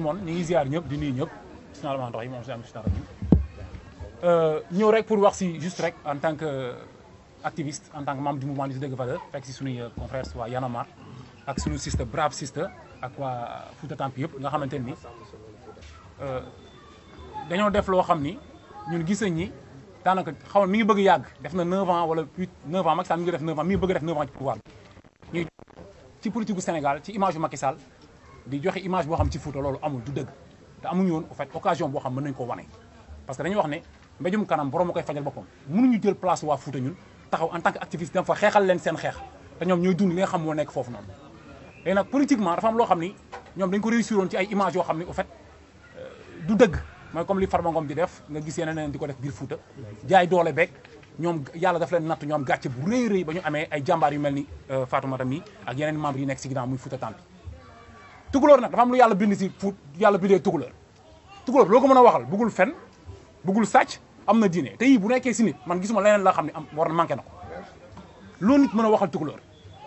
moom ñu ngi ziar ñëpp di nuyu ñëpp finalement ndox yi moom si am si dara euh, ñëw rek pour wax si juste rek en tant que euh, activiste en tant que membre du mouvement Nittu Dëgg Valeurs fekk si waa euh, Y'en a marre ak suñu siste brave siste ak waa Fouta Tampi yëpp nga xamante ni dañoo def loo xam ni ñun gis nañ ni daanaka xaw mi ngi bëgg yàgg def na 9 ans wala 8 9 ans Macky Sall mi ngi def 9 ans mi ngi bëgg def 9 ci pouvoir Sénégal ci image yu Macky di joxe image boo xam ci Fouta loolu amul du dëgg te amuñu woon en fait occasion boo xam mën nañu ko wane parce que dañuy wax ne mbéjum kanam borom a koy fajal boppam mënuñu jël place waa Fouta ñun taxaw en tant que activiste dem xeexal leen seen xeex te ñoom ñooy dund li xam moo nekk foofu noonu léegi nag loo xam ni ñoom dañu ko réussir woon ci ay image yoo xam ni en fait euh, du dëgg mooy comme li Farba Ngom di def nga gis yeneen di ko def biir Fouta jaay doole beeg ñoom yàlla daf leen natt ñoom gàcce ba ñu amee ay jàmbaar yu mel ni euh, Fatoumata mi ak yeneen membre yi nekk si ginnaaw tukulóor nag dafa am lu yàlla bind si fu yàlla bindee tukulóor tukulóor loo ko mën a waxal bëggul fen bëggul sàcc am na diine te yii bu nekkee si nit man gis leneen la xam ne am war na manqué na ko loolu nit mën a waxal tukulóor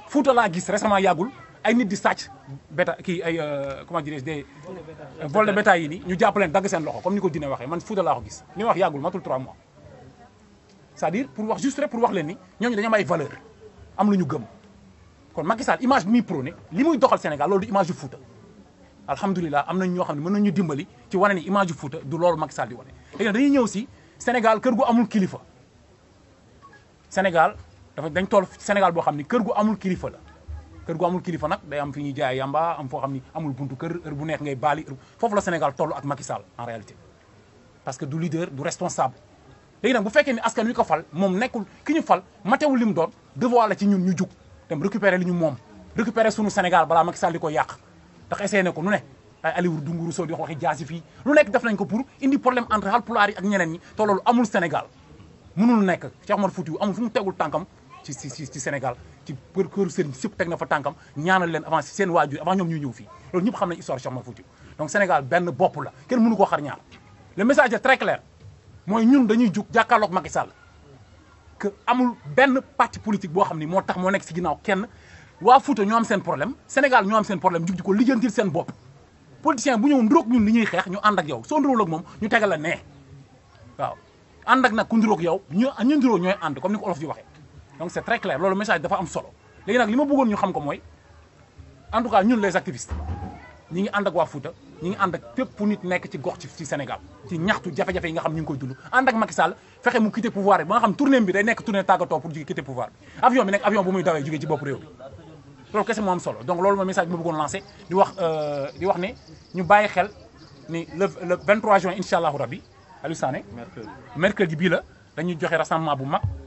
fuuta laa gis récemment yàggul ay nit di sàcc béta kii ay euh, comment dirais-je des vol de bétail yi ni ñu jàpp leen dagg seen loxo comme ni ko diine waxee man fuuta laa ko gis li ma wax yàggul matul 3 mois c'est-à-dire pour wax juste pour wax leen ni ñooñu dañu ay valeur am lu ñu gëm kon Macky Sall image bi muy prôné li muy doxal Sénégal loolu du image yu Fouta alhamdulilah am nañ ñoo xam ne mën nañu dimbali ci wane ni image yu Fouta du loolu Macky Sall di wane. dañuy ñëw si Sénégal kër gu amul kilifa Sénégal dafa dañ toll Sénégal boo xam ni kër gu amul kilifa la kër gu amul kilifa nag day am fi ñuy jaay yamba am foo xam ni amul buntu kër heure bu nekk ngay baali foofu la Sénégal toll ak Macky Sall en réalité parce que du leader du responsable. léegi nag bu fekkee ni askan wi ko fal moom nekkul ki fal matewul li mu doon ci ñun ñu jug dem récupérer li ñu moom récupérer sunu Sénégal balaa Macky Sall di ko yàq ndax essayé na ko nu ne ay Aliou Dunguru Sow di wax jaasi fii lu nekk def nañ ko pour indi problème entre Haalpulaar yi ak ñeneen ñi tolo loolu amul Sénégal mënul nekk Cheikh Omar Foutiyou amul fu mu tànkam ci ci ci Sénégal ci kër kër sëriñ sëpp teg na fa tànkam ñaanal leen avant seen waajur avant ñoom ñuy ñëw fii loolu ñëpp xam nañ histoire Cheikh Omar Foutiyou donc Sénégal benn bopp la kenn mënu koo xar ñaar le message est mooy ñun dañuy jug jàkkaarloog Macky Sall que amul benn parti politique boo xam ni moo tax moo nekk si ginnaaw kenn waa Fouta ñoo am seen problème Sénégal ñoo am seen problème jug di ko lijjantil seen bopp politicien bu ñëw nduróog ñun li ñuy xeex ñu ànd ak yow soo nduróog ak moom ñu tegal la nee waaw ànd ak nag ku nduróog yow ñu ñu nduróog ñooy ànd comme ni ko olof di waxee donc c'est très clair loolu message dafa am solo léegi nag li ma bëggoon ñu xam ko mooy en tout cas ñun les activistes ñi ngi ànd ak waa Fouta ñu ngi ànd ak fépp nit nekk ci gox ci ci Sénégal ci ñaxtu jafe-jafe yi nga xam ñu ngi koy dund ànd ak Macky Sall fexe mu quitté pouvoir bi ba nga xam tournée bi day nekk tournée tàggatoo pour jóge quitté pouvoir bi avion bi nekk avion bu muy dawee jógee ci bopp réew loolu kese moo solo donc loolu mooy message ma bëggoon lancé di wax euh, di wax ne ñu bàyyi xel ni le le 23 juin incha allahu rabi Aliou Sané mercredi bii la dañuy joxe rassemblement bu mag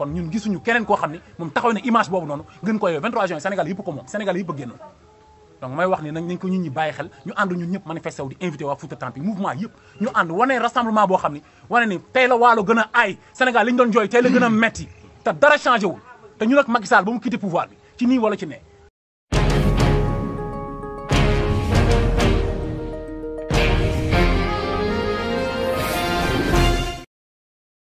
kon ñun gisuñu keneen ko xam ne moom taxaw na image boobu noonu gën ko yow 23 juin Sénégal yëpp ko moom Sénégal yëpp a génnoon donc may wax ni nag nañ ko ñun ñi bàyyi xel ñu ànd ñun ñëpp manifesté wu di invité waa Fouta Tampi mouvement yëpp ñu ànd wane rassemblement boo xam ne wane ni tey waalo gën a aay Sénégal li ñu doon jooy tey la gën a metti te dara changé wul te ñu nag Macky Sall ba mu quitté pouvoir bi ci nii wala ci nee